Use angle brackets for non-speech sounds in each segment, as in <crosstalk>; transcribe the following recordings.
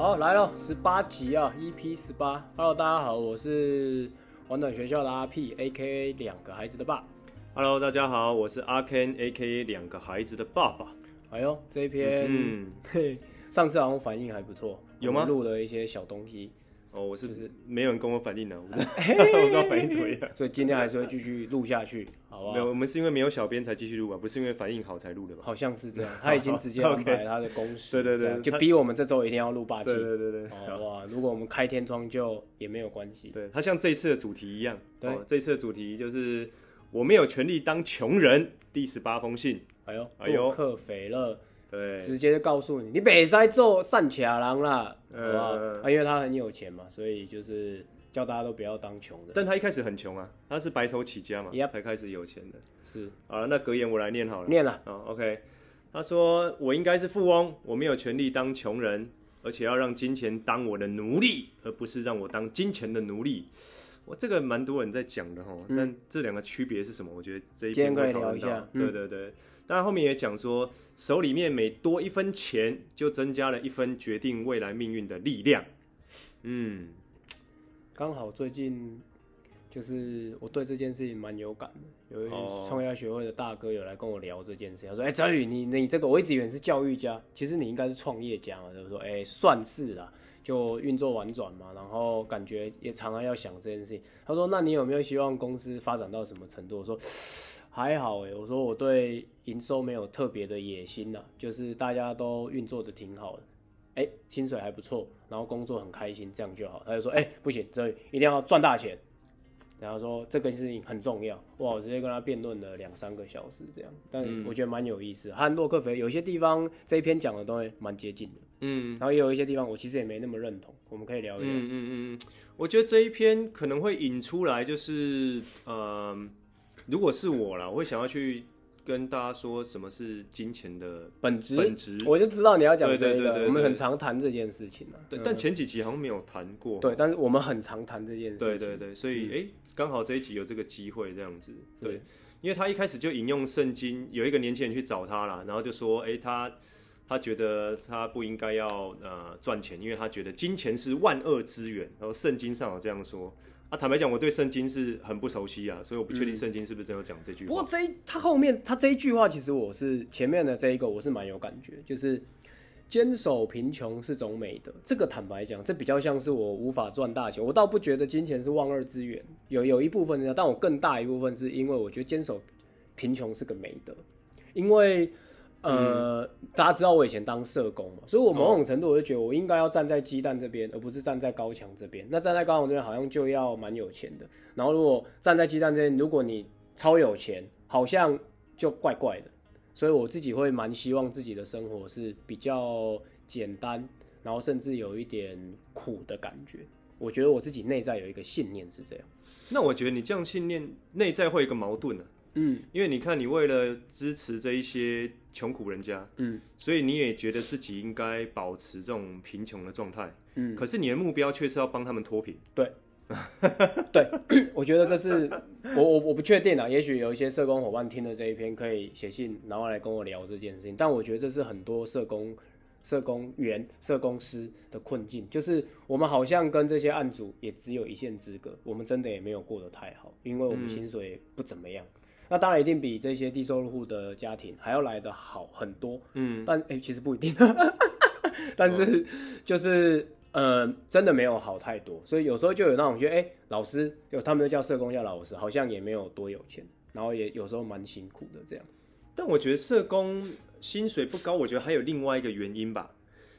好，來了，十八集啊，EP 十八。Hello，大家好，我是玩轉學校的阿屁，AKA 兩個孩子的爸。Hello，大家好，我是阿 Ken，AKA 兩個孩子的爸爸。哎呦，這一篇，嗯，對，上次好像反應還不錯，有嗎？錄了一些小東西。哦，我是不是沒有人跟我反映呢？我不知道反應怎麼樣，所以今天還是會繼續錄下去，好吧？沒有，我們是因為沒有小編才繼續錄吧，不是因為反應好才錄的吧？好像是這樣，他已經直接安排他的公式。對對對，就逼我們這週一定要錄八集。對對對。哇，如果我們開天窗就也沒有關係。對，他像這次的主題一樣，對，這次的主題就是我沒有權利當窮人，第十八封信。哎呦，哎呦，洛克菲勒。對直接就告訴你，你別再做散赤人了，嗯好不好？啊，因為他很有錢嘛，所以就是叫大家都不要當窮人。但他一開始很窮啊，他是白手起家嘛，yep, 才開始有錢的。是，好了，那格言我來念好了。念了啦。哦，okay，k 他說：“我應該是富翁，我沒有權利當窮人，而且要讓金錢當我的奴隸，而不是讓我當金錢的奴隸。哇”我這個蠻多人在講的哈，嗯，但這兩個區別是什麼？我覺得這一點可以聊一下。對對對。嗯對對對但後面也講說，手裡面每多一分錢，就增加了一分決定未來命運的力量。嗯，剛好最近就是我對這件事情蠻有感的。有一位創業學會的大哥有來跟我聊這件事情，哦、他說：“哎，澤宇，你你這個我一直以為是教育家，其實你應該是創業家嘛。”他說：“哎、欸，算是啦，就運作婉轉嘛。”然後感覺也常常要想這件事情。他說：“那你有沒有希望公司發展到什麼程度？”我說。還好哎、欸，我說我對營收沒有特別的野心了，啊，就是大家都運作的挺好的，欸，薪水還不錯，然後工作很開心，這樣就好。他就說，哎、欸，不行，所以一定要賺大錢。然後說這個事情很重要，哇！我直接跟他辯論了兩三個小時這樣，但我覺得蠻有意思。漢、嗯、洛克菲有些地方這一篇講的東西蠻接近的，嗯，然後也有一些地方我其實也沒那麼認同，我們可以聊一聊，嗯。嗯嗯嗯，我覺得這一篇可能會引出來就是，嗯，呃。如果是我啦，我會想要去跟大家說什麼是金錢的本質。本質，我就知道你要講這個，我們很常談這件事情的。對，嗯、但前幾集好像沒有談過。對，但是我們很常談這件事情。對對對，所以哎、剛、嗯欸、好這一集有這個機會這樣子。對，因為他一開始就引用聖經，有一個年輕人去找他啦，然後就說：“哎、欸，他。”他覺得他不應該要呃賺錢，因為他覺得金錢是萬惡之源。然後聖經上有這樣說，啊，坦白講，我對聖經是很不熟悉啊，所以我不確定聖經是不是真的有講這句。嗯。不過這一他後面他這一句話，其實我是前面的這一個，我是蠻有感覺，就是堅守貧窮是種美德。這個坦白講，這比較像是我無法賺大錢，我倒不覺得金錢是萬惡之源。有有一部分人，但我更大一部分是因為我覺得堅守貧窮是個美德，因為。呃，嗯、大家知道我以前當社工嘛，所以我某種程度我就覺得我應該要站在雞蛋這邊，哦、而不是站在高牆這邊。那站在高牆這邊好像就要蠻有錢的，然後如果站在雞蛋這邊，如果你超有錢，好像就怪怪的。所以我自己會蠻希望自己的生活是比較簡單，然後甚至有一點苦的感覺。我覺得我自己內在有一個信念是這樣。那我覺得你這樣信念內在會有一個矛盾呢、啊？嗯，因為你看，你為了支持這一些窮苦人家，嗯，所以你也覺得自己應該保持這種貧窮的狀態，嗯，可是你的目標卻是要幫他們脫貧。對， <laughs> 對，我覺得這是我我我不確定啊，也許有一些社工伙伴聽了這一篇，可以寫信然後來跟我聊這件事情。但我覺得這是很多社工、社工員、社工師的困境，就是我們好像跟這些案主也只有一線之隔，我們真的也沒有過得太好，因為我們薪水也不怎麼樣。嗯那當然一定比這些低收入戶的家庭還要來的好很多，嗯，但哎、欸，其實不一定、啊， <laughs> 但是就是，嗯、呃，真的沒有好太多，所以有時候就有那種覺得，哎、欸，老師，就他們都叫社工叫老師，好像也沒有多有錢，然後也有時候蠻辛苦的這樣。但我覺得社工薪水不高，我覺得還有另外一個原因吧，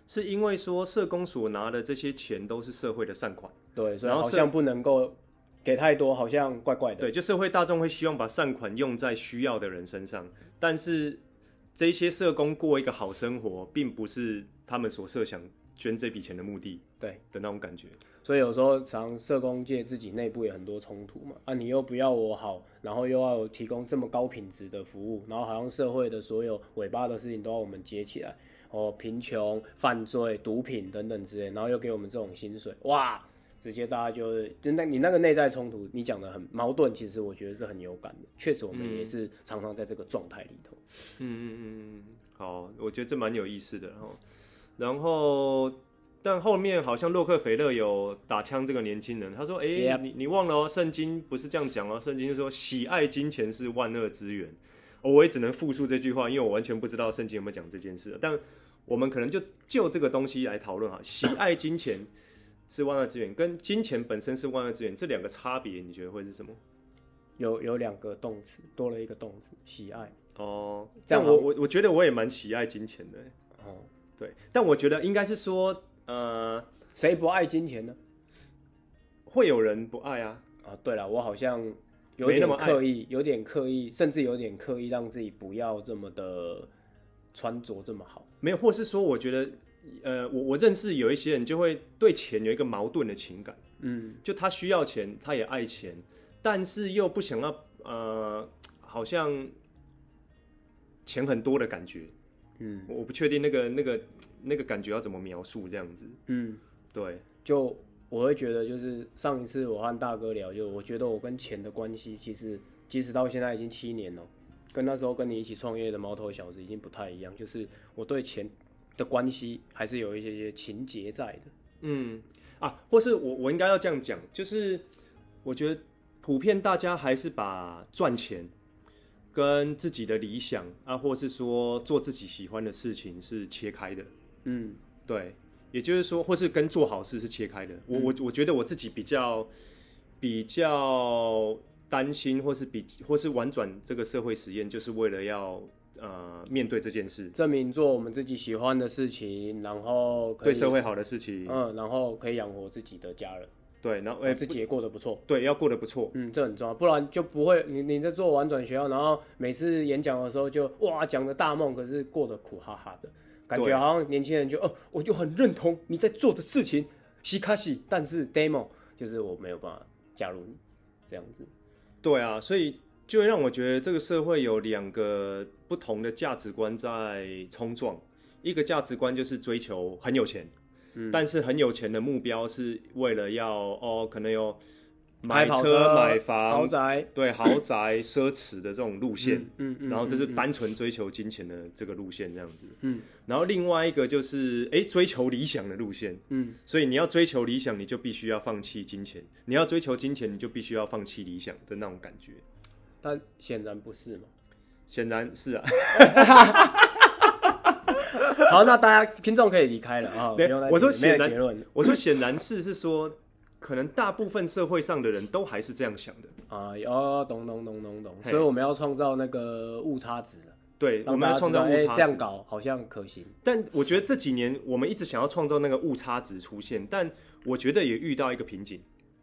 是因爲說社工所拿的這些錢都是社會的善款，對，所以好像不能夠。給太多好像怪怪的。對，就社會大眾會希望把善款用在需要的人身上，但是這些社工過一個好生活，並不是他們所設想捐這筆錢的目的。對的那種感覺。所以有時候，常社工界自己內部有很多衝突嘛。啊，你又不要我好，然後又要提供這麼高品質的服務，然後好像社會的所有尾巴的事情都要我們接起來哦，貧窮、犯罪、毒品等等之類，然後又給我們這種薪水，哇！直接大家就是就那你那個內在衝突，你講的很矛盾，其實我覺得是很有感的。確實，我們也是常常在這個狀態裡頭。嗯嗯嗯，好，我覺得這蠻有意思的。然後，然後，但後面好像洛克菲勒有打槍這個年輕人，他說：“哎、欸，Yep. 你你忘了喔，聖經不是這樣講喔？聖經就說喜愛金錢是萬惡之源。”我也只能複述這句話，因為我完全不知道聖經有沒有講這件事。但我們可能就就這個東西來討論啊，喜愛金錢。 <coughs> 是萬惡之源，跟金錢本身是萬惡之源，這兩個差別你覺得會是什麼？有有兩個動詞，多了一個動詞，喜愛。哦，這樣，但我我我覺得我也蠻喜愛金錢的。哦，對，但我覺得應該是說，呃，誰不愛金錢呢？會有人不愛啊？啊，對了，我好像有點刻意，有點刻意，甚至有點刻意讓自己不要這麼的穿着這麼好，沒有，或是說我覺得。呃，我我認識有一些人就會對錢有一個矛盾的情感，嗯，就他需要錢，他也愛錢，但是又不想要呃，好像錢很多的感覺，嗯，我不確定那個那個那個感覺要怎麼描述這樣子，嗯，對，就我會覺得就是上一次我和大哥聊，就我覺得我跟錢的關係，其實即使到現在已經七年了，跟那時候跟你一起創業的毛頭小子已經不太一樣，就是我對錢。的關係還是有一些些情結在的，嗯啊，或是我我應該要這樣講，就是我覺得普遍大家還是把賺錢跟自己的理想啊，或是說做自己喜歡的事情是切開的，嗯，對，也就是說，或是跟做好事是切開的。嗯、我我我覺得我自己比較比較擔心或，或是比或是玩轉這個社會實驗，就是為了要。呃，面對這件事，證明做我們自己喜歡的事情，然後對社會好的事情，嗯，然後可以養活自己的家人，對，然後，欸，然後自己也過得不錯，不對，要過得不錯，嗯，這很重要，不然就不會你你在做完轉學校，然後每次演講的時候就哇講的大夢，可是過得苦哈哈的，感覺好像年輕人就對哦，我就很認同你在做的事情，喜卡西，但是 demo 就是我沒有辦法加入你這樣子，對啊，所以。就會讓我覺得這個社會有兩個不同的價值觀在衝撞，一個價值觀就是追求很有錢，嗯，但是很有錢的目標是為了要哦，可能有買車、開跑車，買房、豪宅，對，豪宅奢侈的這種路線，嗯嗯，嗯嗯，然後這是單純追求金錢的這個路線這樣子，嗯，然後另外一個就是欸，追求理想的路線，嗯，所以你要追求理想，你就必須要放棄金錢；你要追求金錢，你就必須要放棄理想的那種感覺。但顯然不是嘛？顯然是啊。 <laughs> <laughs> 好，那大家聽眾可以離開了啊。哦、沒我說顯然，然，我說顯然是是說，可能大部分社會上的人都還是這樣想的 <laughs> 啊。哦，懂懂懂懂。所以我們要創造那個誤差值。對，我們要創造誤差值，欸。這樣搞好像可行。但我覺得這幾年我們一直想要創造那個誤差值出現，但我覺得也遇到一個瓶頸。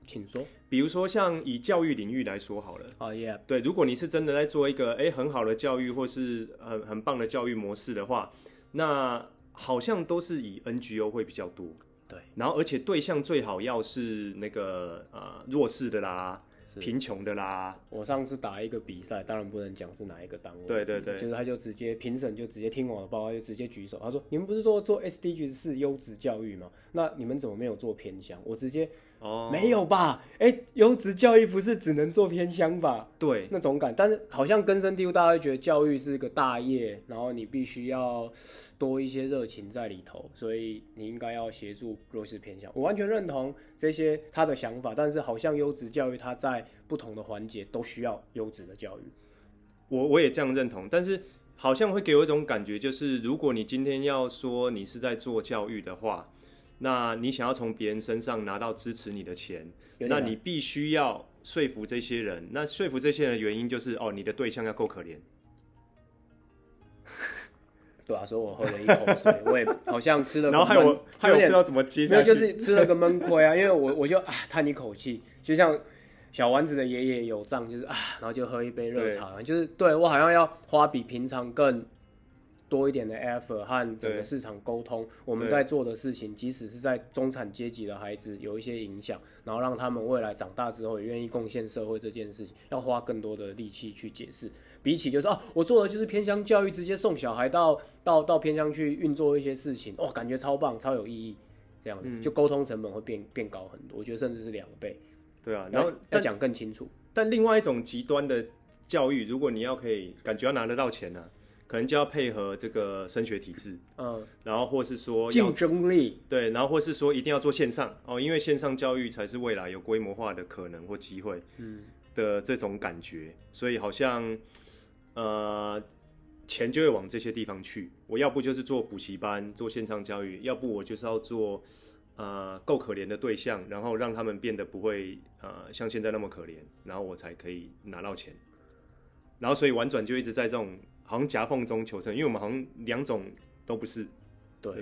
挺多，說比如說像以教育領域來說好了，啊耶！對，如果你是真的在做一個誒很好的教育或是很很棒的教育模式的話，那好像都是以 NGO 會比較多。對，然後而且對象最好要是那個、呃、弱勢的啦，是貧窮的啦。我上次打一個比賽，當然不能講是哪一個單位對，對對對，就是他就直接評審就直接聽我的報告就直接舉手，他說你們不是說做 SDGs 是優質教育嗎？那你們怎麼沒有做偏鄉？我直接。哦，oh, 沒有吧？哎、欸，優質教育不是只能做偏鄉吧？對，那種感。但是好像根深蒂固，大家都覺得教育是一個大業，然後你必須要多一些熱情在裡頭，所以你應該要協助弱勢偏鄉。我完全認同這些他的想法，但是好像優質教育，他在不同的環節都需要優質的教育。我我也這樣認同，但是好像會給我一種感覺，就是如果你今天要說你是在做教育的話。那你想要從別人身上拿到支持你的錢，那你必須要說服這些人。那說服這些人的原因就是，哦，你的對象要夠可憐。 <laughs> 對啊，所以我喝了一口水，我也好像吃了， <laughs> 然後還有還有我不知道怎麼接， <laughs> 沒有就是吃了個悶虧啊。因為我我就啊嘆一口氣，就像小丸子的爺爺友藏，就是啊，然後就喝一杯熱茶，對就是對我好像要花比平常更。多一點的 effort 和整個市場溝通，對我們在做的事情，對即使是在中產階級的孩子有一些影響，然後讓他們未來長大之後也願意貢獻社會這件事情，要花更多的力氣去解釋。比起就是哦、啊，我做的就是偏鄉教育，直接送小孩到到到偏鄉去運作一些事情，哦感覺超棒，超有意義。這樣子、嗯、就溝通成本會變變高很多，我覺得甚至是兩倍。對啊，然後要講但更清楚。但另外一種極端的教育，如果你要可以感覺要拿得到錢呢、啊？可能就要配合這個升學體制，嗯，uh, 然後或是說競爭力，對，然後或是說一定要做線上哦，因為線上教育才是未來有規模化的可能或機會，嗯的這種感覺，所以好像，呃，錢就會往這些地方去。我要不就是做補習班，做線上教育，要不我就是要做，呃，夠可憐的對象，然後讓他們變得不會呃像現在那麼可憐，然後我才可以拿到錢。然後所以婉轉就一直在這種。好像夾縫中求生，因為我們好像兩種都不是，對，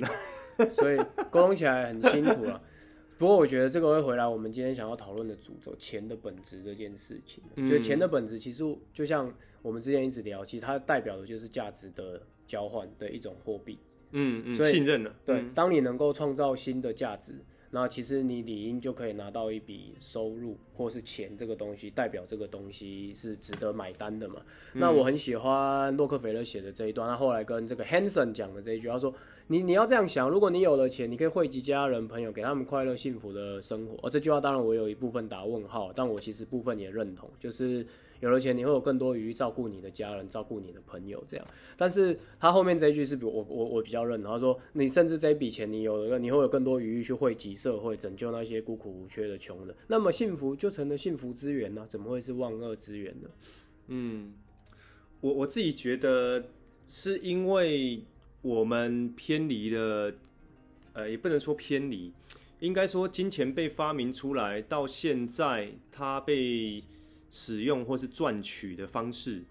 <laughs> 所以溝通起來很辛苦了。 <laughs> 不過我覺得這個會回來，我們今天想要討論的主軸，錢的本質這件事情。嗯、就是錢的本質，其實就像我們之前一直聊，其實它代表的就是價值的交換的一種貨幣，嗯。嗯嗯，信任呢？對，當你能夠創造新的價值。那其實你理應就可以拿到一筆收入，或是錢這個東西代表這個東西是值得買單的嘛。嗯。那我很喜歡洛克菲勒寫的這一段，他後來跟這個 Hanson 講的這一句，他說。你你要這樣想，如果你有了錢，你可以惠及家人朋友，給他們快樂幸福的生活。而、哦、這句話當然我有一部分打問號，但我其實部分也認同，就是有了錢你會有更多餘裕照顧你的家人，照顧你的朋友這樣。但是他後面這一句是我，我我我比較認同，他說你甚至這一筆錢你有了，你會有更多餘裕去惠及社會，拯救那些孤苦無缺的窮人。那麼幸福就成了幸福之源呢、啊？怎麼會是萬惡之源呢？嗯，我我自己覺得是因為，我們偏離了，呃，也不能說偏離，應該說金錢被發明出來到現在，它被使用或是賺取的方式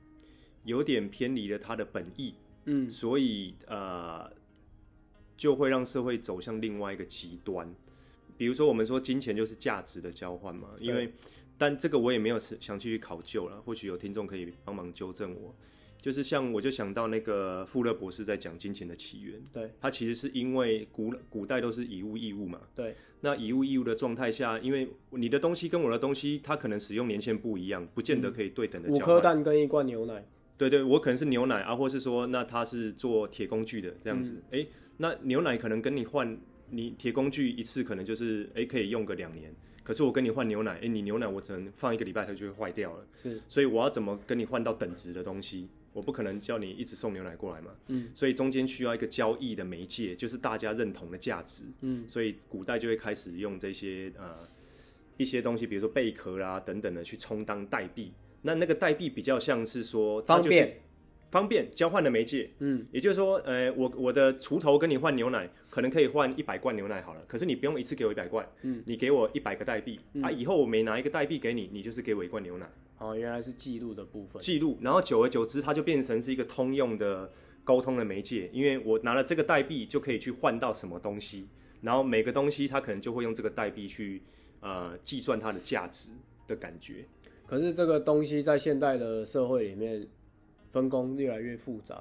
有點偏離了它的本意，嗯，所以呃，就會讓社會走向另外一個極端。比如說，我們說金錢就是價值的交換嘛，對因為，但這個我也沒有詳細去考究了，或許有聽眾可以幫忙糾正我。就是像我就想到那個富勒博士在講金錢的起源，對，他其實是因為古古代都是以物易物嘛，對，那以物易物的狀態下，因為你的東西跟我的東西，它可能使用年限不一樣，不見得可以對等的交換，嗯。五顆蛋跟一罐牛奶，對，對對，我可能是牛奶啊，或者是說，那他是做鐵工具的這樣子，哎、嗯欸，那牛奶可能跟你換，你鐵工具一次可能就是哎、欸、可以用個兩年，可是我跟你換牛奶，哎、欸，你牛奶我只能放一個禮拜，它就會壞掉了，是，所以我要怎麼跟你換到等值的東西？我不可能叫你一直送牛奶過來嘛，嗯，所以中間需要一個交易的媒介，就是大家認同的價值，嗯，所以古代就會開始用這些呃一些東西，比如說貝殼啦等等的去充當代幣，那那個代幣比較像是說它、就是、方便。方便交換的媒介，嗯，也就是說，呃，我我的鋤頭跟你換牛奶，可能可以換一百罐牛奶好了。可是你不用一次給我一百罐，嗯，你給我一百個代幣，嗯，啊。以後我每拿一個代幣給你，你就是給我一罐牛奶。哦，原來是記錄的部分，記錄。然後久而久之，它就變成是一個通用的溝通的媒介，因為我拿了這個代幣就可以去換到什麼東西。然後每個東西它可能就會用這個代幣去，呃，計算它的價值的感覺。可是這個東西在現代的社會裡面，分工越來越複雜，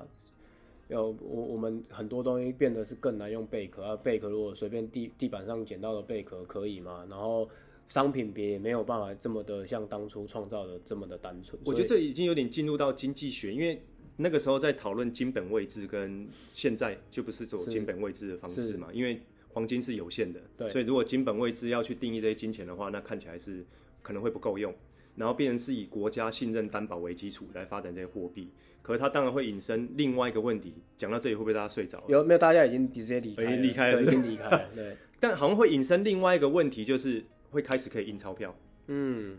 要我我們很多東西變得是更難用貝殼啊，貝殼如果隨便地地板上撿到的貝殼可以嗎？然後商品別也沒有辦法這麼的像當初創造的這麼的單純。我覺得這已經有點進入到經濟學，因為那個時候在討論金本位制，跟現在就不是走金本位制的方式嘛，因為黃金是有限的，對，所以如果金本位制要去定義這些金錢的話，那看起來是可能會不夠用。然後變成是以國家信任擔保為基礎來發展這些貨幣，可是它當然會引申另外一個問題。講到這裡，會不會大家睡着了？有沒有？大家已經直接離開，已經離開了，已經離開了。對。但好像會引申另外一個問題，就是會開始可以印鈔票。嗯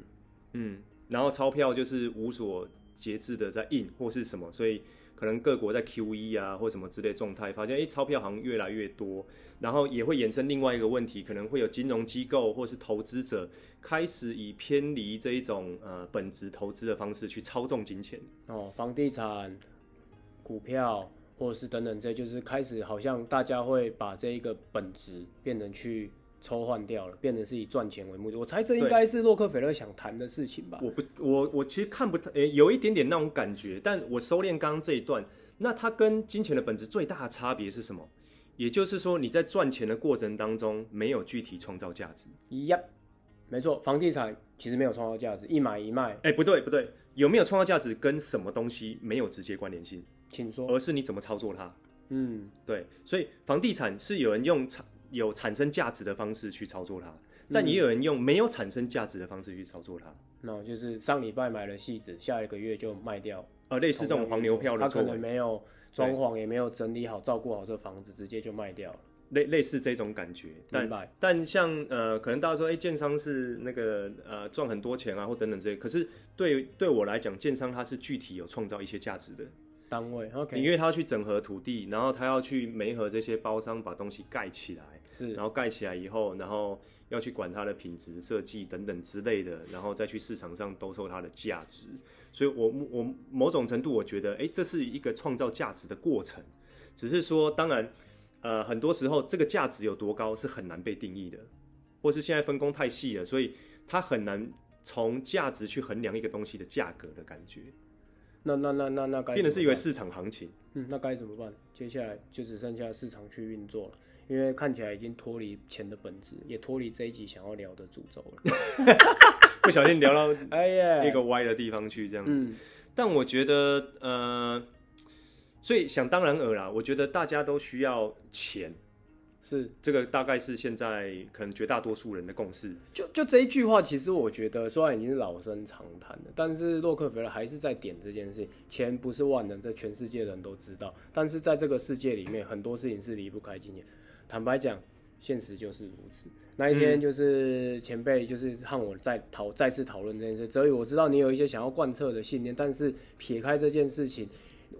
嗯，然後鈔票就是無所節制的在印或是什麼，所以。可能各國在 QE 啊，或什麼之類狀態，發現欸，鈔票好像越來越多，然後也會衍生另外一個問題，可能會有金融機構或是投資者開始以偏離這一種呃本質投資的方式去操縱金錢。哦，房地產、股票或是等等這，這就是開始好像大家會把這一個本質變成去。抽換掉了，變成是以賺錢為目的。我猜這應該是洛克菲勒想談的事情吧？我不，我我其實看不太，誒、欸，有一點點那種感覺。但我收斂剛剛這一段，那它跟金錢的本質最大的差別是什麼？也就是說，你在賺錢的過程當中沒有具體創造價值。一 e、Yep, 沒錯，房地產其實沒有創造價值，一買一賣。哎、欸，不對不對，有沒有創造價值跟什麼東西沒有直接關聯性？請說。而是你怎麼操作它？嗯，對，所以房地產是有人用有產生價值的方式去操作它，但也有人用沒有產生價值的方式去操作它。嗯、那就是上禮拜買了戲子，下一個月就賣掉，呃，類似這種黃牛票的，他可能沒有裝潢，也沒有整理好，對照顧好這房子，直接就賣掉了。類類似這種感覺。但白但像呃，可能大家說，哎、欸，建商是那個呃，賺很多錢啊，或等等這些。可是對對我來講，建商他是具體有創造一些價值的單位。OK。因為他要去整合土地，然後他要去媒合這些包商把東西蓋起來。是，然後蓋起來以後，然後要去管它的品質、設計等等之類的，然後再去市場上兜售它的價值。所以我，我我某種程度我覺得，誒，這是一個創造價值的過程。只是說，當然，呃，很多時候這個價值有多高是很難被定義的，或是現在分工太細了，所以它很難從價值去衡量一個東西的價格的感覺。那那那那那該變成是因為市場行情。嗯，那該怎麼辦？接下來就只剩下市場去運作了。因為看起來已經脫離錢的本質，也脫離這一集想要聊的主軸了， <laughs> <laughs> 不小心聊到哎呀那個歪的地方去這樣子。嗯，但我覺得呃，所以想當然爾啦，我覺得大家都需要錢，是這個大概是現在可能絕大多數人的共識。就就這一句話，其實我覺得雖然已經是老生常談了，但是洛克菲勒還是在點這件事情：錢不是萬能，在全世界人都知道，但是在這個世界裡面，很多事情是離不開金錢坦白講，現實就是如此。那一天就是前輩，就是和我再討、嗯、再次討論這件事。所以我知道你有一些想要貫徹的信念，但是撇開這件事情，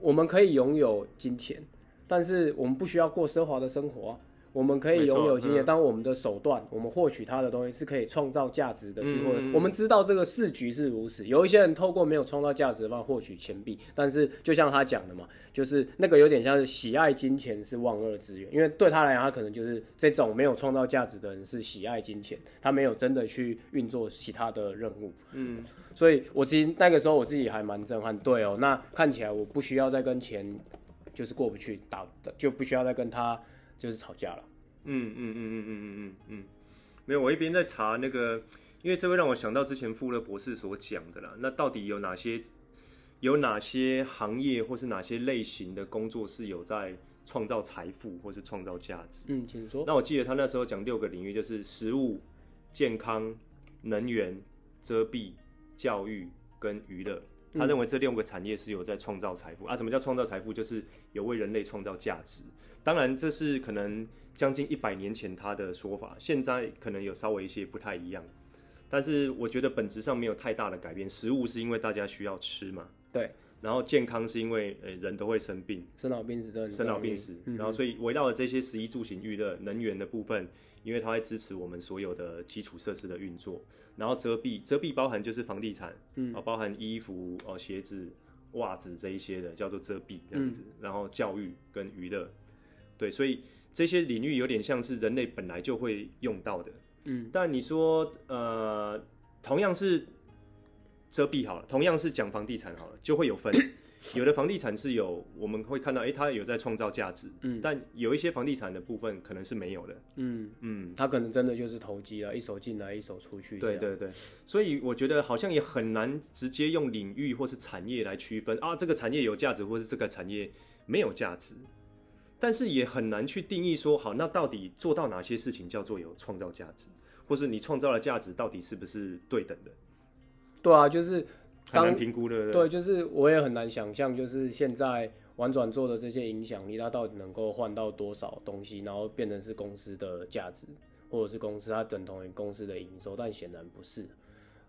我們可以擁有金錢，但是我們不需要過奢華的生活，啊。我們可以擁有金錢，嗯、但我們的手段，我們獲取他的東西是可以創造價值的。嗯，我我們知道這個市局是如此。有一些人透過沒有創造價值的方式獲取錢幣，但是就像他講的嘛，就是那個有點像是喜愛金錢是萬惡之源，因為對他來講，他可能就是這種沒有創造價值的人是喜愛金錢，他沒有真的去運作其他的任務。嗯，所以我其實那個時候我自己還蠻震撼。對哦，那看起來我不需要再跟錢就是過不去，打就不需要再跟他。就是吵架了。嗯嗯嗯嗯嗯嗯嗯沒有，我一邊在查那個，因為這會讓我想到之前富勒博士所講的啦。那到底有哪些有哪些行業或是哪些類型的工作是有在創造財富或是創造價值？嗯，請說。那我記得他那時候講六個領域，就是食物、健康、能源、遮蔽、教育跟娛樂。他認為這六個產業是有在創造財富、嗯、啊？什麼叫創造財富？就是有為人類創造價值。當然，這是可能將近一百年前他的說法，現在可能有稍微一些不太一樣，但是我覺得本質上沒有太大的改變。食物是因為大家需要吃嘛，對。然後健康是因為誒人都會生病，生老病死生老病死。嗯、哼然後所以圍繞的這些食衣住行娛樂能源的部分，因為它會支持我們所有的基礎設施的運作。然後遮蔽遮蔽，包含就是房地產，嗯，啊包含衣服鞋子、襪子這一些的叫做遮蔽這樣子。嗯、然後教育跟娛樂。對，所以這些領域有點像是人類本來就會用到的。嗯，但你說，呃，同樣是遮蔽好了，同樣是講房地產好了，就會有分。好有的房地產是有，我們會看到，哎，它有在創造價值。嗯，但有一些房地產的部分可能是沒有的。嗯嗯，它、嗯、可能真的就是投機啦，一手進來，一手出去。對對對，所以我覺得好像也很難直接用領域或是產業來區分啊，這個產業有價值，或是這個產業沒有價值。但是也很難去定義說好，那到底做到哪些事情叫做有創造價值，或是你創造的價值到底是不是對等的？對啊，就是很難評估的。對，就是我也很難想象，就是現在玩轉做的這些影響力，它到底能夠換到多少東西，然後變成是公司的價值，或者是公司它等同於公司的營收，但顯然不是。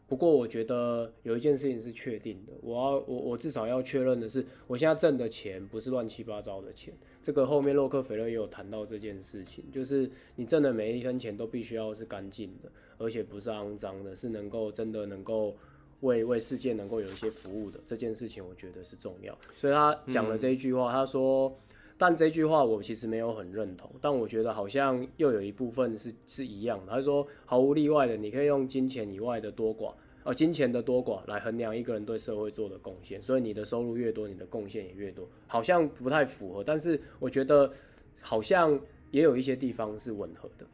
不過我覺得有一件事情是確定的，我要我我至少要確認的是，我現在掙的錢不是亂七八糟的錢。這個後面洛克菲勒也有談到這件事情，就是你掙的每一分錢都必須要是乾淨的，而且不是骯髒的，是能夠真的能夠為為世界能夠有一些服務的這件事情，我覺得是重要。所以他講了這一句話，嗯、他說，但這句話我其實沒有很認同，但我覺得好像又有一部分是是一樣的。他說，毫無例外的，你可以用金錢以外的多寡。而金錢的多寡來衡量一個人對社會做的貢獻，所以你的收入越多，你的貢獻也越多，好像不太符合，但是我覺得好像也有一些地方是吻合的，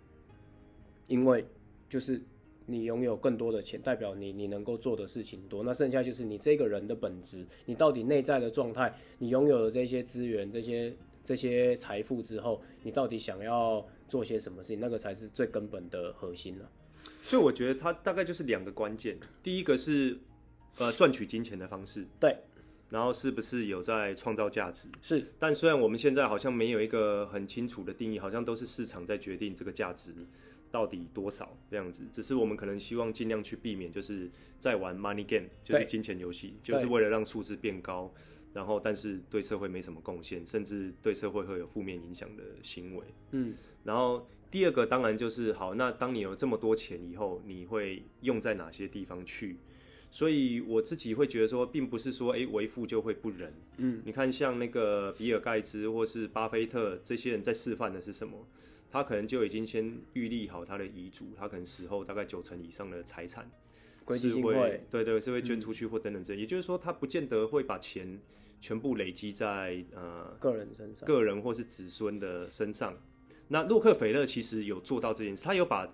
因為就是你擁有更多的錢，代表你你能夠做的事情多，那剩下就是你這個人的本質，你到底內在的狀態，你擁有的這些資源、這些這些財富之後，你到底想要做些什麼事情，那個才是最根本的核心呢，啊？所以我覺得它大概就是兩個關鍵，第一個是，呃，賺取金錢的方式，對，然後是不是有在創造價值，是。但雖然我們現在好像沒有一個很清楚的定義，好像都是市場在決定這個價值到底多少這樣子。只是我們可能希望盡量去避免，就是在玩 money game，就是金錢遊戲，對就是為了讓數字變高，然後但是對社會沒什麼貢獻，甚至對社會會有負面影響的行為。嗯，然後。第二個當然就是好，那當你有這麼多錢以後，你會用在哪些地方去？所以我自己會覺得說，並不是說哎，為、欸、富就會不仁。嗯，你看像那個比爾蓋茨或是巴菲特這些人在示範的是什麼？他可能就已經先預立好他的遺囑，他可能死後大概九成以上的財產，是會對，對對，是會捐出去或等等這，嗯、也就是說他不見得會把錢全部累積在呃個人身上，個人或是子孫的身上。那洛克菲勒其實有做到這件事，他有把，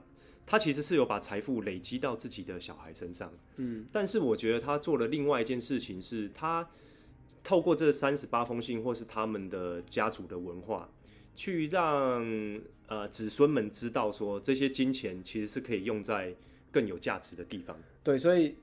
他其實是有把財富累積到自己的小孩身上。嗯，但是我覺得他做了另外一件事情是，是他透過這三十八封信或是他們的家族的文化，去讓呃子孫們知道說，這些金錢其實是可以用在更有價值的地方。對，所以。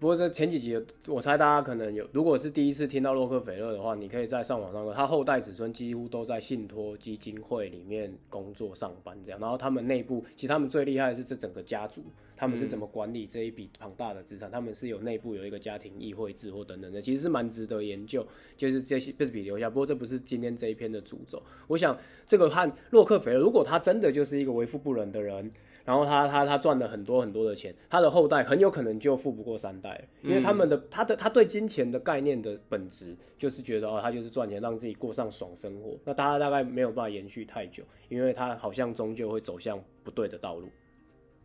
不過這前幾集，我猜大家可能有，如果是第一次聽到洛克菲勒的話，你可以在上網上搜，他後代子孫幾乎都在信托基金會裡面工作上班這樣，然後他們內部其實他們最厲害的是這整個家族，他們是怎麼管理這一筆龐大的資產，嗯、他們是有內部有一個家庭議會制或等等的，其實是蠻值得研究，就是這些被比留下。不過這不是今天這一篇的主軸，我想這個和洛克菲勒，如果他真的就是一個為富不仁的人。然後他他他賺了很多很多的錢，他的後代很有可能就富不過三代，因為他們的他的他對金錢的概念的本質就是覺得哦，他就是賺錢讓自己過上爽生活，那大家大概沒有辦法延續太久，因為他好像終究會走向不對的道路。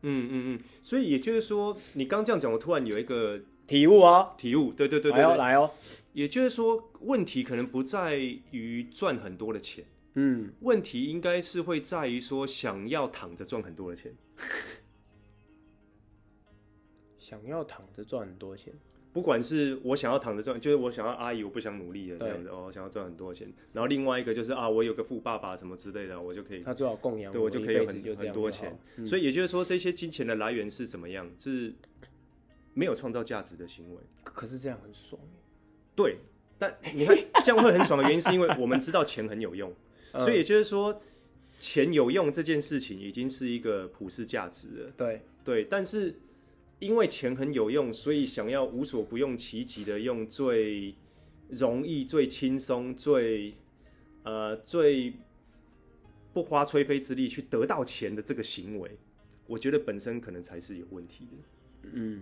嗯嗯嗯，所以也就是說，你剛剛這樣講，我突然有一個體悟啊，哦，體悟，對對對對，對，來哦，來哦，也就是說，問題可能不在於賺很多的錢。嗯，問題應該是會在於說，想要躺着賺很多的錢， <laughs> 想要躺着賺很多錢，不管是我想要躺着賺，就是我想要阿姨，我不想努力了這樣子，我對、哦、想要賺很多錢。然後另外一個就是啊，我有個富爸爸什麼之類的，我就可以他最好供養我對，我就可以有很很多錢。哦嗯、所以也就是說，這些金錢的來源是怎麼樣，是沒有創造價值的行為。可是這樣很爽，對。但你看， <laughs> 這樣會很爽的原因，是因為我們知道錢很有用。所以也就是說，嗯、錢有用這件事情已經是一個普世價值了。對對，但是因為錢很有用，所以想要無所不用其極的用最容易、最輕鬆、最呃最不花吹灰之力去得到錢的這個行為，我覺得本身可能才是有問題的。嗯，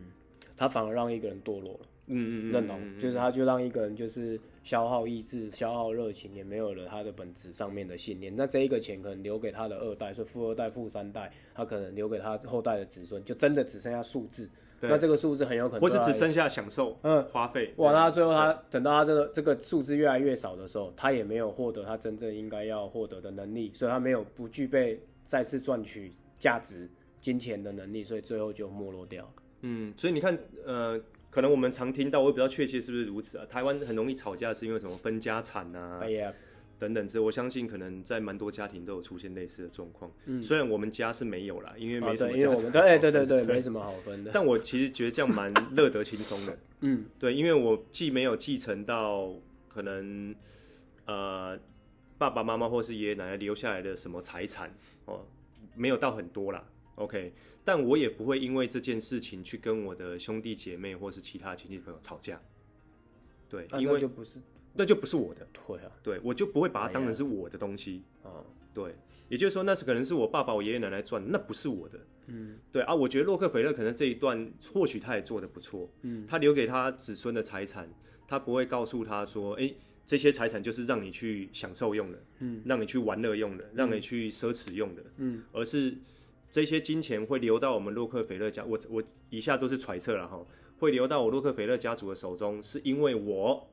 他反而讓一個人墮落了。嗯嗯，認同，嗯、就是他就讓一個人就是。消耗意志，消耗熱情，也沒有了他的本質上面的信念。那這一個錢可能留給他的二代，所以富二代、富三代，他可能留給他後代的子孫，就真的只剩下數字。對那這個數字很有可能，或是只剩下享受、嗯，花費費。哇，那最後他等到他這個對這個數字越來越少的時候，他也沒有獲得他真正應該要獲得的能力，所以他沒有不具備再次賺取價值、金錢的能力，所以最後就沒落掉。嗯，所以你看，呃。可能我們常聽到，我比較確切是不是如此啊。台灣很容易吵架，是因為什麼分家產啊，等等之。這我相信可能在蠻多家庭都有出現類似的狀況。嗯，雖然我們家是沒有啦，因為沒什麼、啊、對,對,對對對，對沒什麼好分的。但我其實覺得這樣蠻樂得輕鬆的。 <laughs> 嗯，對，因為我既沒有繼承到可能呃爸爸媽媽或是爺爺奶奶留下來的什麼財產哦，沒有到很多啦。OK。但我也不會因為這件事情去跟我的兄弟姐妹或是其他親戚朋友吵架，對，啊、因為就不是，那就不是我的，對啊，對我就不會把它當成是我的東西啊，哎哦、對，也就是說那是可能是我爸爸、我爺爺奶奶賺的，那不是我的，嗯，對啊，我覺得洛克菲勒可能這一段或許他也做得不錯，嗯，他留給他子孫的財產，他不會告訴他說，哎、欸，這些財產就是讓你去享受用的，嗯，讓你去玩樂用的，讓你去奢侈用的，嗯，而是。這些金錢會流到我們洛克菲勒家，我我以下都是揣測了哈，會流到我洛克菲勒家族的手中，是因為我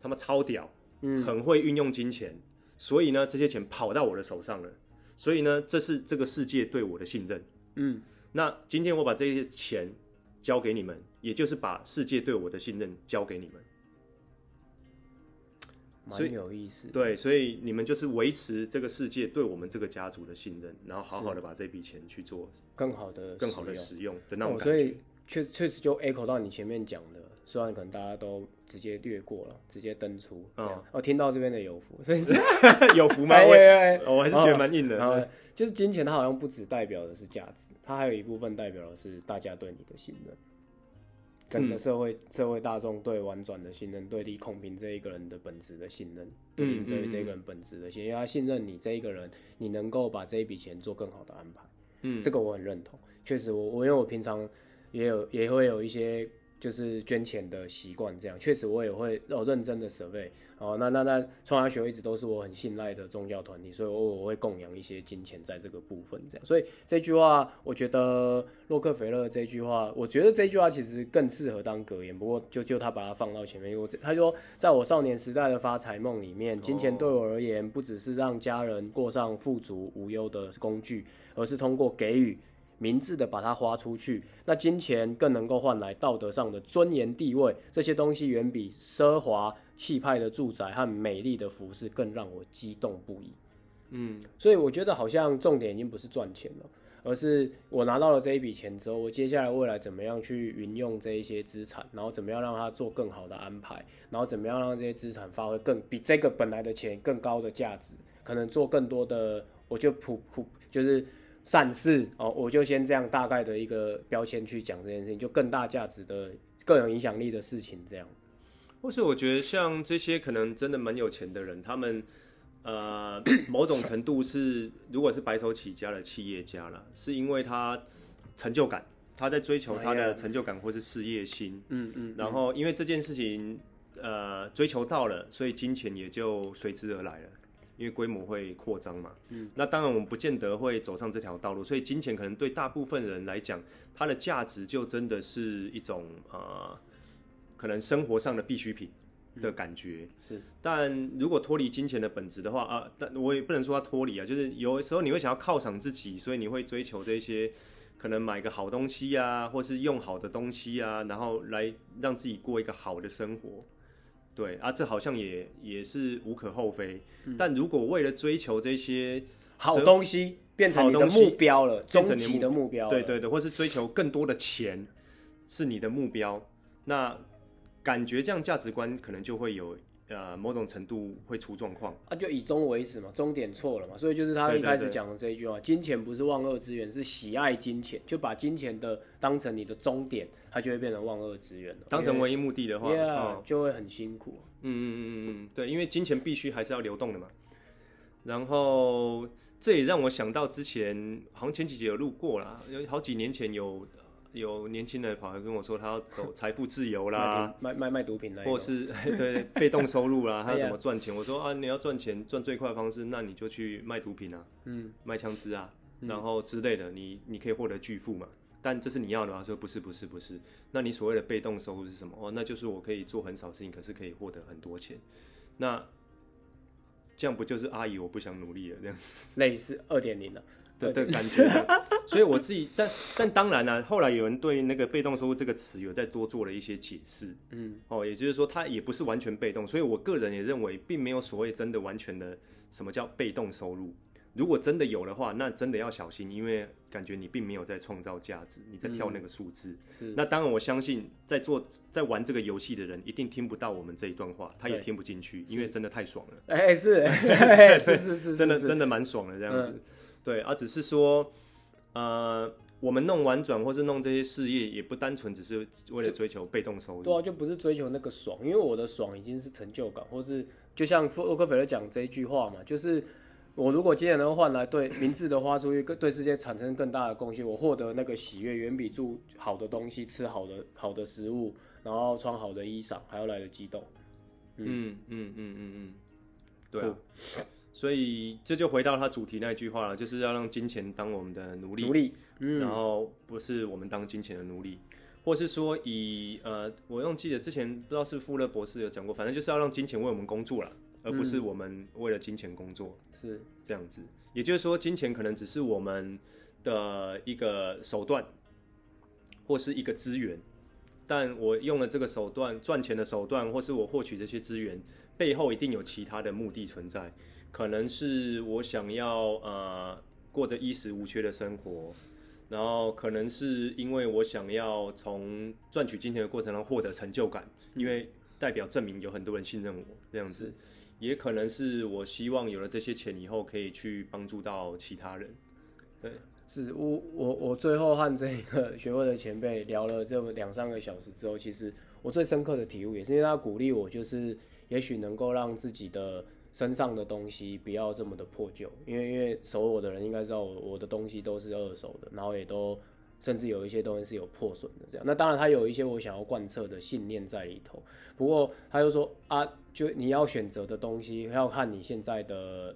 他媽超屌，很會運用金錢，嗯、所以呢，這些錢跑到我的手上了，所以呢，這是這個世界對我的信任，嗯，那今天我把這些錢交給你們，也就是把世界對我的信任交給你們。蠻有意思，對，所以你們就是維持這個世界對我們這個家族的信任，然後好好的把這筆錢去做更好的、更好的使用。我、哦、所以確確實就 echo 到你前面講的，雖然可能大家都直接略過了，直接登出。哦，哦，聽到這邊的有福，所以、就是、 <laughs> 有福嗎？我、哎哎哎哦、我還是覺得蠻硬的。然後就是金錢，它好像不只代表的是價值，它還有一部分代表的是大家對你的信任。整個社會社會大眾對婉轉的信任，嗯、對李孔平這一個人的本質的信任，嗯、對李孔平這一個人本質的信任，因為他信任你這一個人，你能夠把這一筆錢做更好的安排。嗯，這個我很認同，確實我，我我因為我平常也有也會有一些。就是捐錢的習慣，這樣確實我也會我、哦、認真的 survey 哦。那那那，創阿學一直都是我很信賴的宗教團體，所以，偶爾我我會供養一些金錢在這個部分，這樣。所以這句話，我覺得洛克菲勒這句話，我覺得這句話其實更適合當格言。不過就就他把它放到前面，因為他說，在我少年時代的發財夢裡面，金錢對我而言不只是讓家人過上富足無憂的工具，而是通過給予。明智的把它花出去，那金錢更能夠換來道德上的尊嚴地位，這些東西遠比奢華氣派的住宅和美麗的服飾更讓我激動不已。嗯，所以我覺得好像重點已經不是賺錢了，而是我拿到了這一筆錢之後，我接下來未來怎麼樣去運用這一些資產，然後怎麼樣讓它做更好的安排，然後怎麼樣讓這些資產發揮更，比這個本來的錢更高的價值，可能做更多的，我就普普，就是。善事哦，我就先這樣大概的一個標籤去講這件事情，就更大價值的、更有影響力的事情這樣。或是我覺得像這些可能真的蠻有錢的人，他們呃某種程度是， <laughs> 如果是白手起家的企業家啦，是因為他成就感，他在追求他的成就感或是事業心。嗯嗯、哎呀。然後因為這件事情呃追求到了，所以金錢也就隨之而來了。因為規模會擴張嘛，嗯，那當然我們不見得會走上這條道路，所以金錢可能對大部分人來講，它的價值就真的是一種啊、呃，可能生活上的必需品的感覺。嗯、是，但如果脫離金錢的本質的話啊，但我也不能說它脫離啊，就是有的時候你會想要犒賞自己，所以你會追求這些，可能買個好東西啊，或是用好的東西啊，然後來讓自己過一個好的生活。對啊，這好像也也是無可厚非。嗯、但如果為了追求這些好東西用變成你的目標了，終極的目標，目標對，對對對， <laughs> 或是追求更多的錢是你的目標，那感覺這樣價值觀可能就會有。呃，某種程度會出狀況，啊，就以終為始嘛，終點錯了嘛，所以就是他一開始講的這一句話：對對對，金錢不是萬惡之源，是喜愛金錢就把金錢的當成你的終點，它就會變成萬惡之源了。當成唯一目的的話，Yeah，就會很辛苦。嗯嗯嗯嗯嗯，對，因為金錢必須還是要流動的嘛。然後這也讓我想到之前，好像前幾集有錄過了，有好幾年前有。有年輕人朋友跟我說，他要走財富自由啦， <laughs> 賣賣賣毒品啦，那個， <laughs> 或是對，對、對被動收入啦， <laughs> 他要怎麼賺錢？我說啊，你要賺錢，賺最快的方式，那你就去賣毒品啊，嗯，賣槍支啊，然後之類的，你你可以獲得巨富嘛。嗯、但這是你要的嗎？他說不是不是不是，那你所謂的被動收入是什麼？哦，那就是我可以做很少事情，可是可以獲得很多錢。那這樣不就是阿姨我不想努力了樣那樣，啊？類似二點零的。對對感覺， <laughs> 所以我自己，但但當然呢、啊，後來有人對那個被動收入這個詞有再多做了一些解釋，嗯，哦，也就是說它也不是完全被動，所以我個人也認為，並沒有所謂真的完全的什麼叫被動收入。如果真的有的話，那真的要小心，因為感覺你並沒有在創造價值，你在跳那個數字。嗯、是，那當然我相信，在做在玩這個遊戲的人一定聽不到我們這一段話，他也聽不進去，因為真的太爽了。哎，是，是是是，真的真的蠻爽的這樣子。嗯對，而、啊、只是說，呃，我們弄完轉，或是弄這些事業，也不單純只是為了追求被動收入。對啊，就不是追求那個爽，因為我的爽已經是成就感，或是就像洛克菲勒講這一句話嘛，就是我如果今天能換來對 <coughs> 明智的花出去，對世界產生更大的貢獻，我獲得那個喜悅，遠比住好的東西、吃好的好的食物，然後穿好的衣裳還要來得激動。嗯嗯嗯嗯嗯，嗯，對、啊所以這就回到他主題那句話了，就是要讓金錢當我們的奴隸，嗯、然後不是我們當金錢的奴隸，或是說以呃，我用記得之前不知道是富勒博士有講過，反正就是要讓金錢為我們工作啦，而不是我們為了金錢工作是、嗯、這樣子。是也就是說，金錢可能只是我們的一個手段，或是一個資源，但我用了這個手段賺錢的手段，或是我獲取這些資源背後，一定有其他的目的存在。可能是我想要呃，過着衣食無缺的生活，然後可能是因為我想要從賺取金錢的過程中獲得成就感，因為代表證明有很多人信任我這樣子，是也可能是我希望有了這些錢以後可以去幫助到其他人。對，是我我我最後和這個學會的前輩聊了這麼兩三個小時之後，其實我最深刻的體悟也是因為他鼓勵我，就是也許能夠讓自己的。身上的東西不要這麼的破舊，因為因為熟我的人應該知道我我的東西都是二手的，然後也都甚至有一些東西是有破損的這樣。那當然他有一些我想要貫徹的信念在裡頭，不過他就說啊，就你要選擇的東西要看你現在的，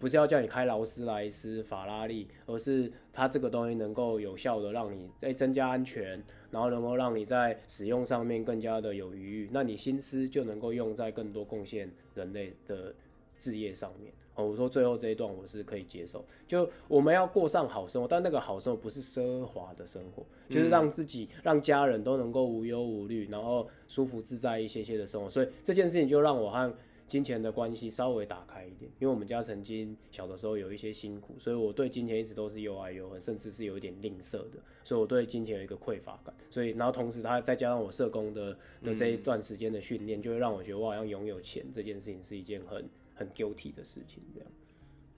不是要叫你開勞斯萊斯、法拉利，而是他這個東西能夠有效的讓你在增加安全，然後能夠讓你在使用上面更加的有餘裕，那你心思就能夠用在更多貢獻人類的事業上面，哦，我說最後這一段我是可以接受，就我們要過上好生活，但那個好生活不是奢華的生活，嗯、就是讓自己、讓家人都能夠無憂無慮，然後舒服自在一些些的生活。所以這件事情就讓我和金錢的關係稍微打開一點，因為我們家曾經小的時候有一些辛苦，所以我對金錢一直都是又愛、啊、又恨、啊，甚至是有一點吝嗇的，所以我對金錢有一個匱乏感。所以然後同時，他再加上我社工的的這一段時間的訓練，嗯、就會讓我覺得我好像擁有錢這件事情是一件很。很 guilty 的事情，這樣。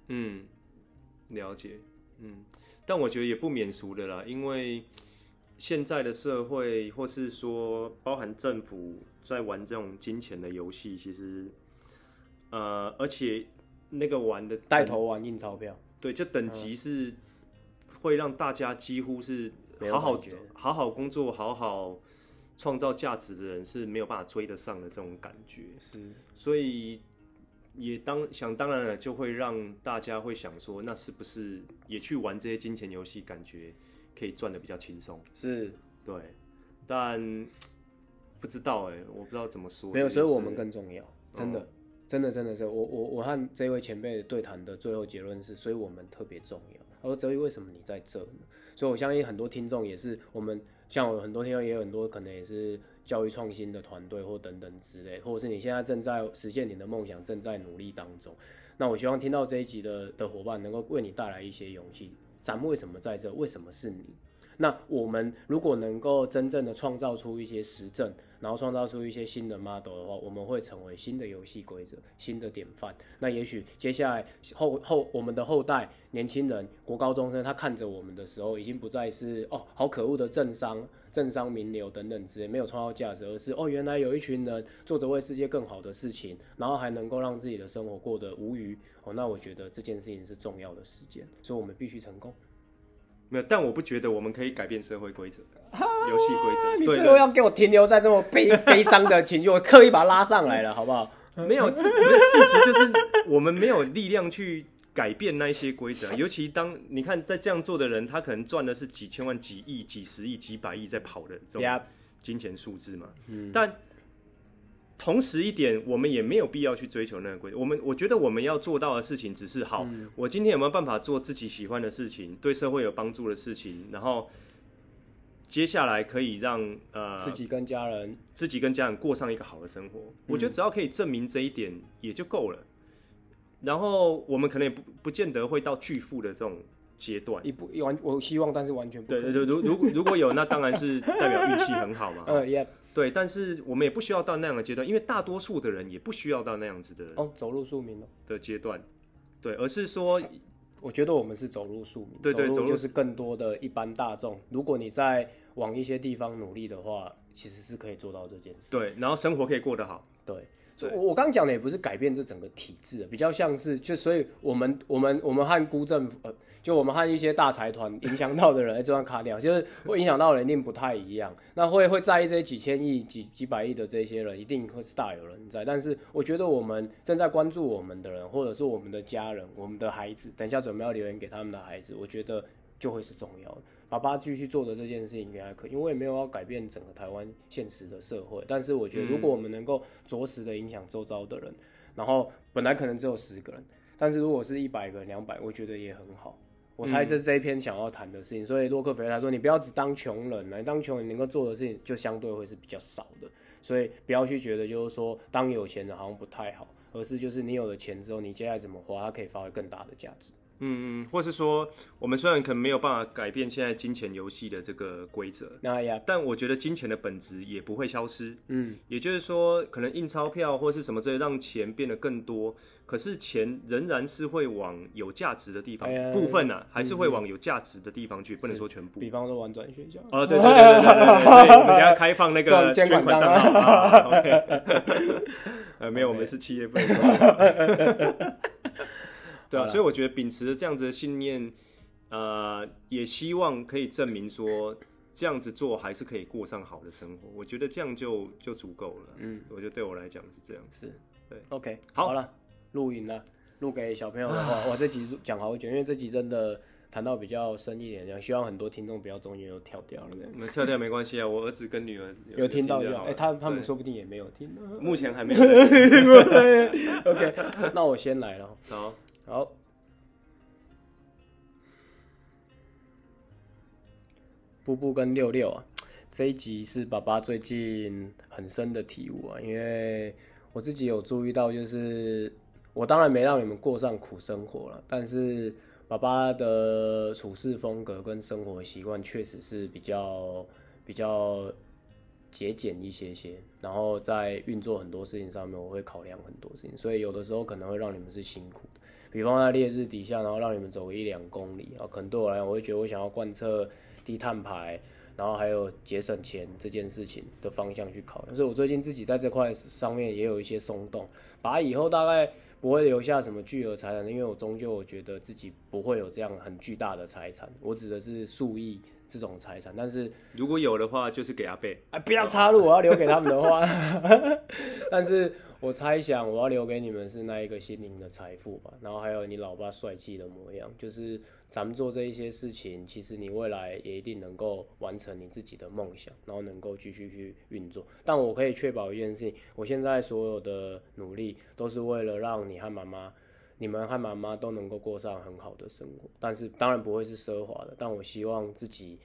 嗯，了解。嗯，但我覺得也不免俗的啦，因為現在的社會，或是說包含政府在玩這種金錢的遊戲，其實，呃，而且那個玩的帶頭玩印鈔票、嗯，對，就等級是會讓大家幾乎是好好好好工作、好好創造價值的人是沒有辦法追得上的這種感覺。是，所以。也當想當然了，就會讓大家會想說，那是不是也去玩這些金錢遊戲，感覺可以賺得比較輕鬆？是，對，但不知道哎、欸，我不知道怎麼說。沒有，所以我們更重要，嗯、真的，真的，真的是我我我，我和這位前輩對談的最後結論是，所以我們特別重要。而說哲宇，為什麼你在這呢？所以我相信很多聽眾也是，我們像我很多聽眾也有很多可能也是。教育創新的團隊，或等等之類，或者是你現在正在實現你的夢想，正在努力當中。那我希望聽到這一集的的夥伴能夠為你帶來一些勇氣。咱們為什麼在這？為什麼是你？那我們如果能夠真正的創造出一些實證。然後創造出一些新的 model 的話，我們會成為新的遊戲規則、新的典範。那也許接下來後後我們的後代年輕人、國高中生，他看着我們的時候，已經不再是哦，好可惡的政商、政商名流等等之類沒有創造價值，而是哦，原來有一群人做着為世界更好的事情，然後還能夠讓自己的生活過得無虞。哦，那我覺得這件事情是重要的事件，所以我們必須成功。沒有，但我不覺得我們可以改變社會規則、啊、遊戲規則。哇對的你最後要給我停留在這麼悲悲傷的情緒， <laughs> 我刻意把它拉上來了，好不好？沒有， <laughs> 這，沒有，事實就是我們沒有力量去改變那些規則，尤其當你看在這樣做的人，他可能賺的是幾千萬、幾億、幾十億、幾百億在跑的這種金錢數字嘛。嗯，但。同時一點，我們也沒有必要去追求那個規則，我們我覺得我們要做到的事情，只是好，嗯、我今天有沒有辦法做自己喜歡的事情，對社會有幫助的事情，然後接下來可以讓呃自己跟家人自己跟家人過上一個好的生活。嗯、我覺得只要可以證明這一點也就夠了。然後我們可能也不不見得會到巨富的這種階段，也不完我希望，但是完全不對，對如如如果有，那當然是代表運氣很好嘛。嗯， <laughs> <laughs> uh, yep. 對，但是我們也不需要到那樣的階段，因為大多數的人也不需要到那樣子的哦，走入庶民、哦、的階段，對，而是說，我覺得我們是走入庶民，對對走入就是更多的一般大眾。對對，如果你在往一些地方努力的話，其實是可以做到這件事，對，然後生活可以過得好，對。我我剛剛講的也不是改變這整個體制，比較像是就所以我們我們我們和孤政呃，就我們和一些大財團影響到的人， <laughs> 這段卡掉，就是會影響到的人一定不太一樣。那會會在意這些幾千億、幾幾百億的這些人，一定會是大有人在。但是我覺得我們正在關注我們的人，或者是我們的家人、我們的孩子，等一下準備要留言給他們的孩子，我覺得就會是重要的。爸爸繼續做的這件事情應該還可以，因為我也沒有要改變整個台灣現實的社會，但是我覺得如果我們能夠着實的影響周遭的人，嗯、然後本來可能只有十個人，但是如果是一百個人、兩百，我覺得也很好。我猜這是這一篇想要談的事情。嗯、所以洛克菲勒他說：“你不要只當窮人，你當窮人能夠做的事情就相對會是比較少的，所以不要去覺得就是說當有錢人好像不太好，而是就是你有了錢之後，你接下來怎麼花，它可以發揮更大的價值。”嗯嗯，或是說，我們雖然可能沒有辦法改變現在金錢遊戲的這個規則，呀，但我覺得金錢的本質也不會消失。嗯，也就是說，可能印鈔票或是什麼之類，讓錢變得更多，可是錢仍然是會往有價值的地方部分呢，還是會往有價值的地方去，不能說全部。比方說，玩轉學校。哦，對對對對對，我們等下開放那個監管賬號 OK，呃，沒有，我們是企業不能。對，所以我覺得秉持著這樣子的信念，呃，也希望可以證明說，這樣子做還是可以過上好的生活。我覺得這樣就就足夠了。嗯，我覺得對我來講是這樣。是，對。OK，好了，錄影了，錄給小朋友的話，我這集講好久，因為這集真的談到比較深一點，希望很多聽眾比較中間有跳掉了。那跳掉沒關係啊，我兒子跟女兒有聽到有，哎，他他們說不定也沒有聽，目前還沒有。OK，那我先來了。好。好，布布跟六六啊，這一集是爸爸最近很深的體悟啊，因為我自己有注意到，就是我當然沒讓你們過上苦生活了，但是爸爸的處事風格跟生活習慣確實是比較比較節儉一些些，然後在運作很多事情上面，我會考量很多事情，所以有的時候可能會讓你們是辛苦的。比方在烈日底下，然後讓你們走一兩公里啊，可能對我來講，我會覺得我想要貫徹低碳排，然後還有節省錢這件事情的方向去考慮。所以我最近自己在這塊上面也有一些鬆動，把以後大概不會留下什麼巨額財產，因為我終究我覺得自己不會有這樣很巨大的財產，我指的是數億。這種財產，但是如果有的話，就是給阿貝。啊、哎，不要插入，我要留給他們的話。 <laughs> <laughs> 但是我猜想，我要留給你們是那一個心靈的財富吧。然後還有你老爸帥氣的模樣，就是咱們做這一些事情，其實你未來也一定能夠完成你自己的夢想，然後能夠繼續去運作。但我可以確保一件事情，我現在所有的努力都是為了讓你和媽媽。你們和媽媽都能夠過上很好的生活，但是當然不會是奢華的。但我希望自己，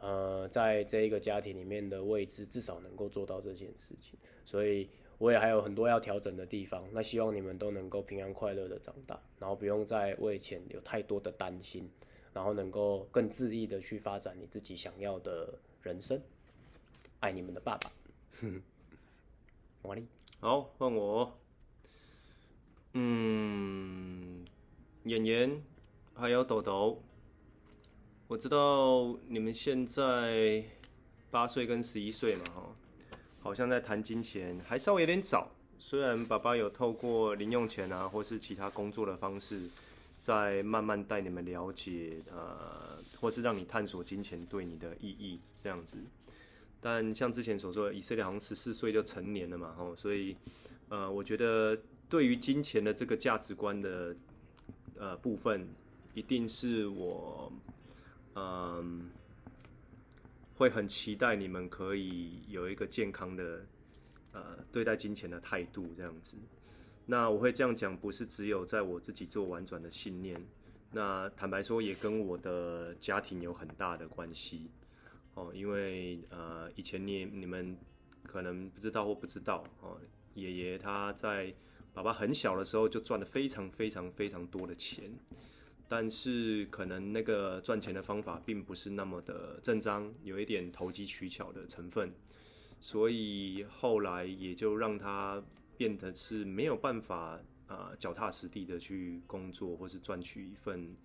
呃，在這一個家庭裡面的位置，至少能夠做到這件事情。所以我也還有很多要調整的地方。那希望你們都能夠平安快樂的長大，然後不用再為錢有太多的擔心，然後能夠更恣意的去發展你自己想要的人生。愛你們的爸爸，我 <laughs> 里好，換我。嗯，妍妍還有豆豆，我知道你們現在八歲跟十一歲嘛，哈，好像在談金錢，還稍微有點早。雖然爸爸有透過零用錢啊，或是其他工作的方式，在慢慢帶你們了解，呃，或是讓你探索金錢對你的意義這樣子。但像之前所說的，以色列好像十四歲就成年了嘛，哈，所以，呃，我覺得。對於金錢的這個價值觀的呃部分，一定是我嗯、呃、會很期待你們可以有一個健康的呃對待金錢的態度這樣子。那我會這樣講，不是只有在我自己做婉轉的信念。那坦白說，也跟我的家庭有很大的關係哦。因為呃，以前你你們可能不知道或不知道哦，爺爺他在。爸爸很小的時候就賺了非常非常非常多的錢，但是可能那個賺錢的方法並不是那麼的正當，有一點投機取巧的成分，所以後來也就讓他變得是沒有辦法啊、呃、腳踏實地的去工作，或是賺取一份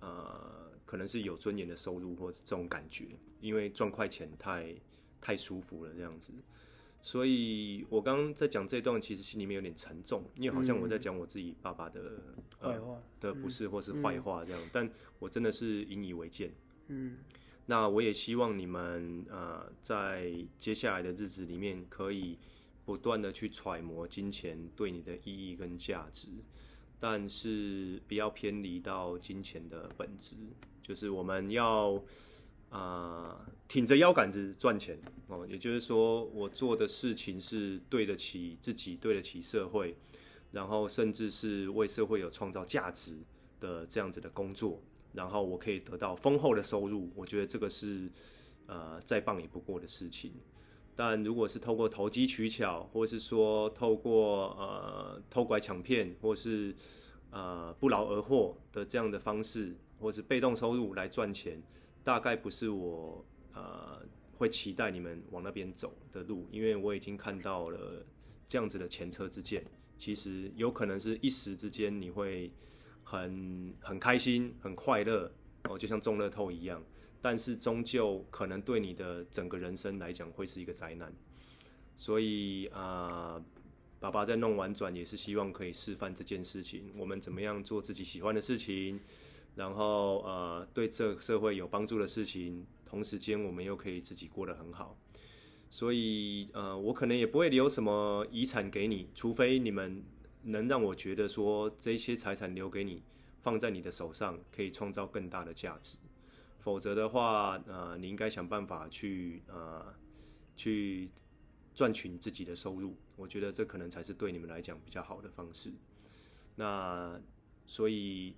呃可能是有尊嚴的收入或者這種感覺，因為賺快錢太太舒服了這樣子。所以，我剛剛在講這段，其實心裡面有點沉重，因為好像我在講我自己爸爸的、嗯、呃，的不是，或是壞話這樣。嗯嗯、但，我真的是引以為戒。嗯，那我也希望你們呃，在接下來的日子裡面，可以不斷的去揣摩金錢對你的意義跟價值，但是不要偏離到金錢的本質，就是我們要。啊、呃，挺着腰桿子賺錢哦，也就是說，我做的事情是對得起自己，對得起社會，然後甚至是為社會有創造價值的這樣子的工作，然後我可以得到豐厚的收入，我覺得這個是呃再棒也不過的事情。但如果是透過投機取巧，或是說透過呃偷拐搶騙，或是呃不勞而獲的這樣的方式，或是被動收入來賺錢。大概不是我呃會期待你們往那邊走的路，因為我已經看到了這樣子的前車之鑑。其實有可能是一時之間你會很很開心，很快樂哦，就像中樂透一樣。但是終究可能對你的整個人生來講會是一個災難。所以啊、呃，爸爸在弄完轉也是希望可以示範這件事情。我們怎麼樣做自己喜歡的事情？然後呃，對這個社會有幫助的事情，同時間我們又可以自己過得很好，所以呃，我可能也不會留什麼遺產給你，除非你們能讓我覺得說這些財產留給你，放在你的手上可以創造更大的價值，否則的話，呃，你應該想辦法去呃，去賺取你自己的收入，我覺得這可能才是對你們來講比較好的方式。那所以。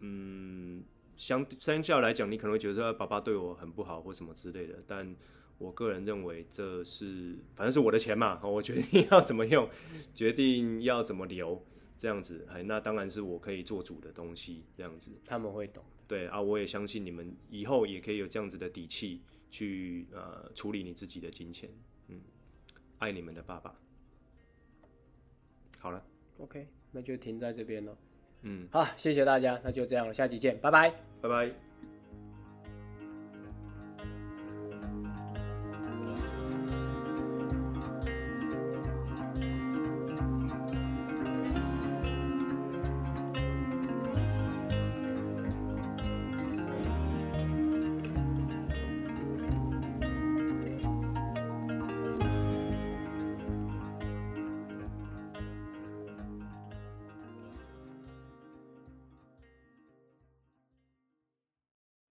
嗯，相相較來講，你可能會覺得說爸爸對我很不好或什麼之類的，但我個人認為這是反正是我的錢嘛，我決定要怎麼用， <laughs> 決定要怎麼留，這樣子，哎，那當然是我可以做主的東西，這樣子他們會懂。對啊，我也相信你們以後也可以有這樣子的底氣去呃處理你自己的金錢。嗯，愛你們的爸爸。好了，OK，那就停在這邊了。嗯，好，謝謝大家，那就這樣了，下期見，拜拜，拜拜。